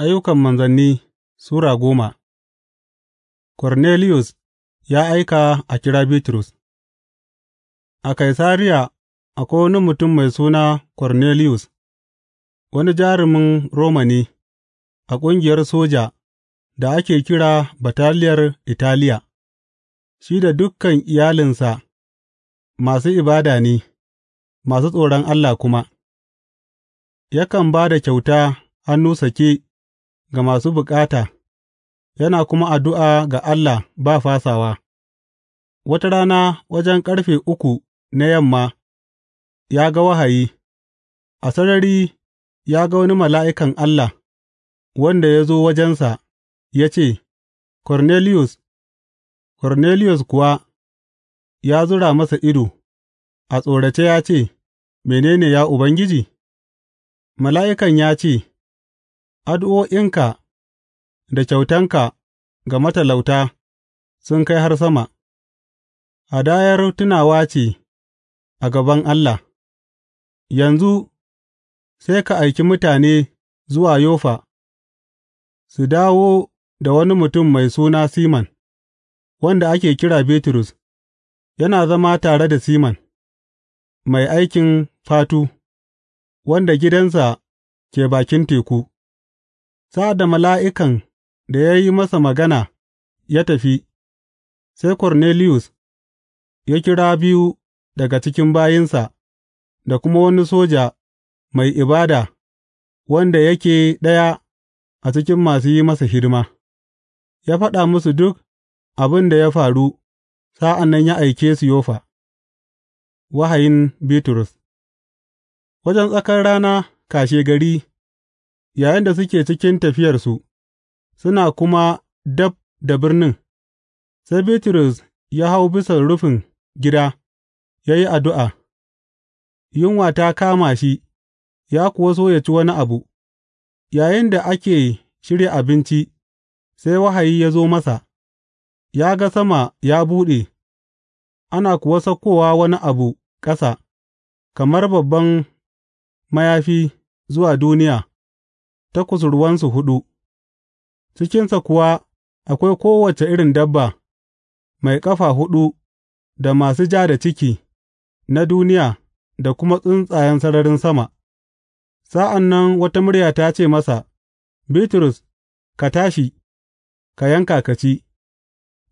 Ayyukan Manzanni Sura goma Korneliyus ya aika a kira Bitrus A Kaisariya akwai wani mutum mai suna Korneliyus, wani jarumin Romani, a ƙungiyar soja da ake kira Bataliyar Italiya, shi da dukkan iyalinsa masu ibada ne, masu tsoron Allah kuma, yakan ba da kyauta hannu sake. ga masu bukata yana kuma addu'a ga Allah ba fasawa, wata rana wajen ƙarfe uku na yamma ya ga wahayi, a sarari ya ga wani mala'ikan Allah wanda ya zo wajensa ya ce, Korneliyus, Korneliyus kuwa ya zura masa ido, a tsorace ya ce, menene ya Ubangiji? Mala'ikan ya ce, Addu'o'inka da kyautanka ga matalauta sun kai har sama; hadayar tunawa ce a gaban Allah, yanzu sai ka aiki mutane zuwa yofa. su dawo da wani mutum mai suna Siman, wanda ake kira Bitrus, yana zama tare da Siman, mai aikin fatu, wanda gidansa ke bakin teku. Sa'ad da mala'ikan da ya yi masa magana ya tafi, sai Korneliyus ya kira biyu daga cikin bayinsa da kuma wani soja mai ibada wanda yake ɗaya a cikin masu yi masa hidima, ya faɗa musu duk abin da ya faru sa'an nan ya aike su yofa, Wahayin Bitrus Wajen tsakar rana kashe gari. Yayinda suke cikin tafiyarsu, suna kuma dab da birnin, sai Bitrus ya hau bisa rufin gida ya yi addu'a, yunwa ta kama shi, ya kuwa so ya ci wani abu, yayinda ake shirya abinci, sai wahayi ya zo masa, ya ga sama ya buɗe, ana kuwa saukowa wani abu ƙasa, kamar babban mayafi zuwa duniya. ta kusurwansu huɗu, cikinsa kuwa akwai kowace irin dabba mai ƙafa huɗu da masu ja da ciki na duniya da kuma tsuntsayen sararin sama. Sa'an nan wata murya ta ce masa, Bitrus, ka tashi, ka yanka ka ci.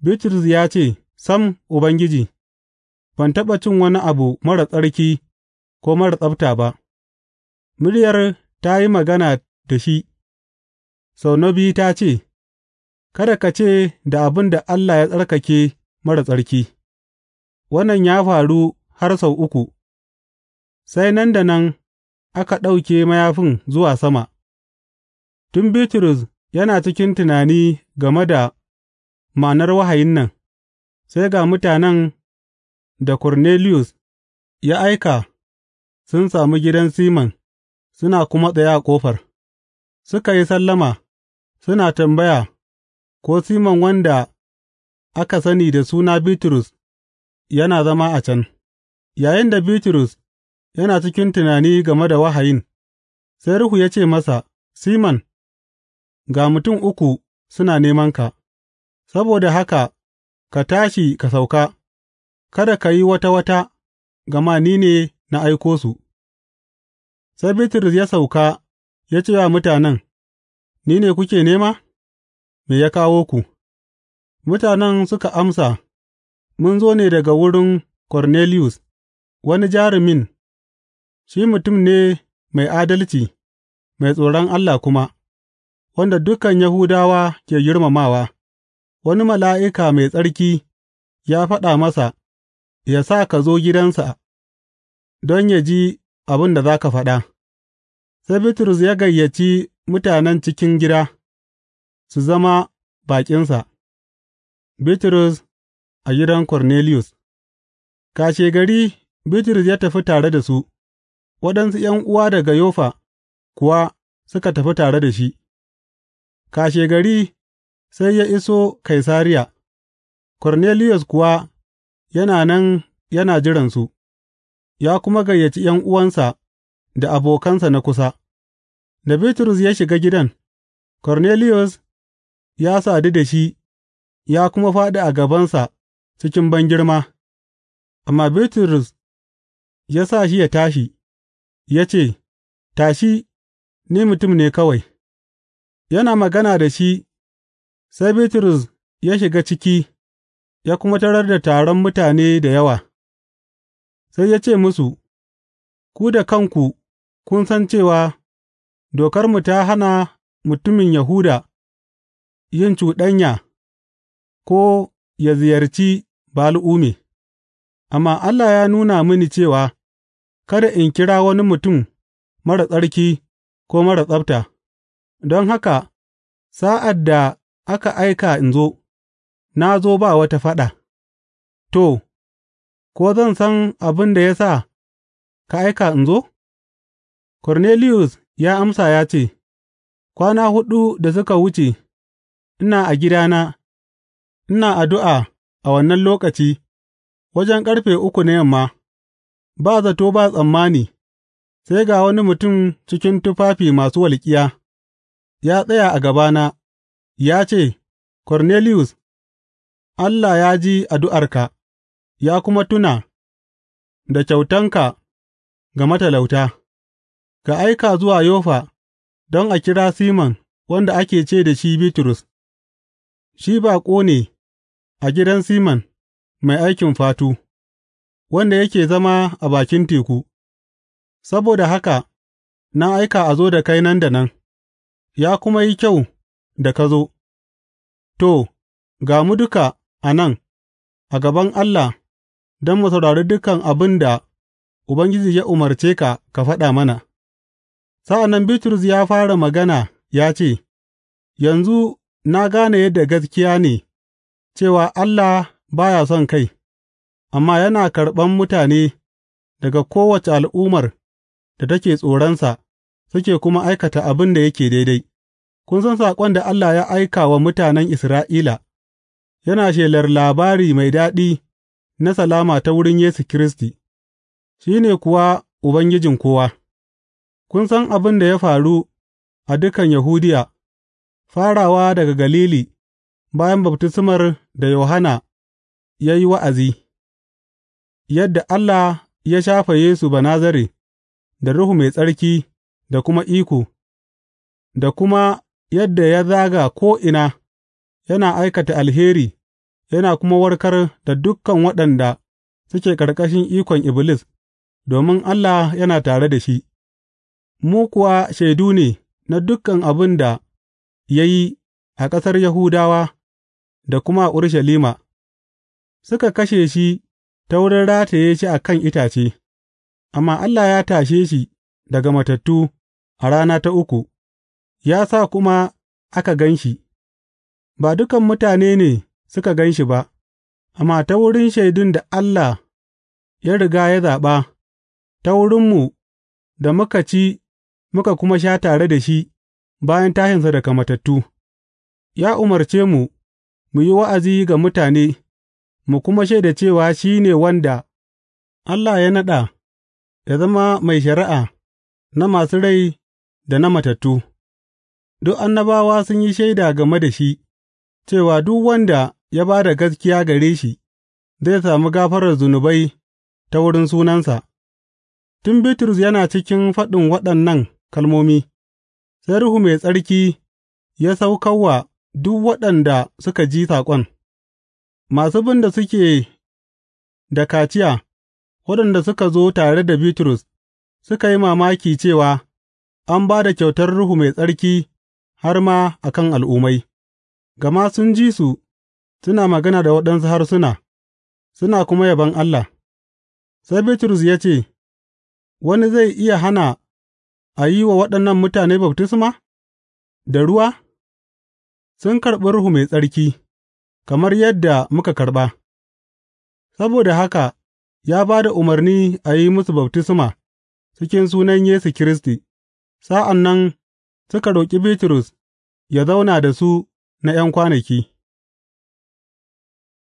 Bitrus ya ce, Sam, Ubangiji, ban taɓa cin wani abu marar tsarki ko marar tsabta ba. Muryar ta yi magana da shi, sau na biyu ta ce, Kada ka ce da abin da Allah ya tsarkake marar tsarki, wannan ya faru har sau uku, sai nan da nan aka ɗauke mayafin zuwa sama, tun Bitrus yana cikin tunani game da ma'anar wahayin nan, sai ga mutanen da Cornelius ya aika sun sami gidan Siman suna kuma tsaye a ƙofar. suka yi sallama, suna tambaya ko Siman wanda aka sani da suna Bitrus yana zama a can, yayinda Bitrus yana cikin tunani game da wahayin, sai Ruhu ya ce masa, Siman, ga mutum uku suna neman ka. saboda haka ka tashi ka sauka, kada ka yi wata-wata, gama ni ne na aiko su. Sai Bitrus ya sauka ya ce wa mutanen, Ni ne kuke nema? Me ya kawo ku? Mutanen suka amsa, Mun zo ne daga wurin Cornelius. wani jarumin, shi mutum ne mai adalci, mai tsoron Allah kuma, wanda dukan Yahudawa ke girmamawa, wani mala'ika mai tsarki ya faɗa masa, ya sa ka zo gidansa don ya ji abin da za ka faɗa. Sai Bitrus ya gayyaci mutanen cikin gida su zama baƙinsa Bitrus a gidan Korneliyus Kashegari Bitrus ya tafi tare da su, waɗansu uwa daga Yofa kuwa suka tafi tare da shi, kashegari sai ya iso Kaisariya, Korneliyus kuwa yana nan yana jiransu, ya kuma gayyaci uwansa. da abokansa na kusa Da Bitrus ya shiga gidan, Korneliyus ya sadu da shi ya kuma fāɗi a gabansa cikin bangirma, amma Bitrus ya sa shi ya tashi, ya ce, Tashi, ni mutum ne kawai, yana magana da shi, sai Bitrus ya shiga ciki ya kuma tarar da taron mutane da yawa, sai ya ce musu, Ku da kanku kun san cewa dokarmu ta hana mutumin Yahuda yin cuɗanya ko ya ziyarci Ba'al'umme, amma Allah ya nuna mini cewa kada in kira wani mutum marar tsarki ko marar tsabta, don haka sa'ad da aka aika in zo, na zo ba wata faɗa, to, ko zan san abin da ya sa ka aika in zo? Korneliyus ya amsa ya ce, Kwana huɗu da suka wuce ina a gidana ina addu'a a wannan lokaci, wajen ƙarfe uku na yamma, ba zato ba tsammani, sai ga wani mutum cikin tufafi masu walƙiya, ya tsaya a gabana, ya ce, Korneliyus, Allah ya ji addu'arka ya kuma tuna da kyautanka ga matalauta. Ka aika zuwa Yoffa don a kira Siman wanda ake ce da shi Bitrus, shi baƙo ne a gidan Siman mai aikin fatu, wanda yake zama a bakin teku, saboda haka na aika a zo da kai nan da nan, ya kuma yi kyau da ka zo, to, ga mu duka a nan, a gaban Allah don mu saurari dukan abin da Ubangiji ya umarce ka ka faɗa mana. Sa'an nan Bitrus ya fara magana ya ce, Yanzu na gane yadda gaskiya ne cewa Allah ba ya son kai. amma yana karɓan mutane daga kowace al'ummar da take tsoronsa suke kuma aikata abin da yake daidai. Kun san saƙon da Allah ya aika wa mutanen Isra'ila, yana shelar labari mai daɗi na salama ta wurin Yesu Kiristi, shi ne kuwa Ubangijin kowa. Kun san abin da ya faru a dukan Yahudiya, farawa daga Galili bayan baftismar da Yohanna ya yi wa'azi, yadda Allah ya shafa Yesu Banazare da Ruhu Mai Tsarki da kuma iko, da kuma yadda ya zaga ko'ina yana aikata alheri yana kuma warkar da dukan waɗanda suke ƙarƙashin ikon Iblis, domin Allah yana tare da shi. mu kuwa shaidu ne na dukan abin da ya yi a ƙasar Yahudawa da kuma a Urushalima, suka kashe shi ta wurin rataye shi a kan itace, amma Allah ya tashe shi daga matattu a rana ta uku, ya sa kuma aka gan shi, ba dukan mutane ne suka gan shi ba, amma ta wurin shaidun da Allah ya riga ya zaɓa, ta wurinmu da muka ci muka kuma sha tare da shi bayan tashinsa daga matattu, ya umarce mu mu yi wa'azi ga mutane mu kuma shaida cewa shi ne wanda Allah ya naɗa ya zama mai shari'a na masu rai da na matattu, duk annabawa sun yi shaida game da shi, cewa duk wanda ya ba da gaskiya gare shi zai sami gafarar zunubai ta wurin sunansa. Tun Bitrus yana cikin faɗin waɗannan kalmomi, sai Ruhu Mai Tsarki ya sauka wa duk waɗanda suka ji saƙon, masu bin da suke da kaciya, waɗanda suka zo tare da Bitrus, suka yi mamaki cewa an ba da kyautar Ruhu Mai Tsarki har ma a kan al'ummai, gama sun ji su suna magana da waɗansu harsuna, suna kuma yabon Allah. Sai Bitrus ya ce, Wani zai iya hana a yi wa waɗannan mutane baftisma da ruwa? Sun karɓi Ruhu Mai Tsarki, kamar yadda muka karɓa, saboda haka ya ba da umarni a yi musu baftisma cikin sunan Yesu Kiristi, sa'an nan suka roƙi Bitrus ya zauna da su na ’yan kwanaki.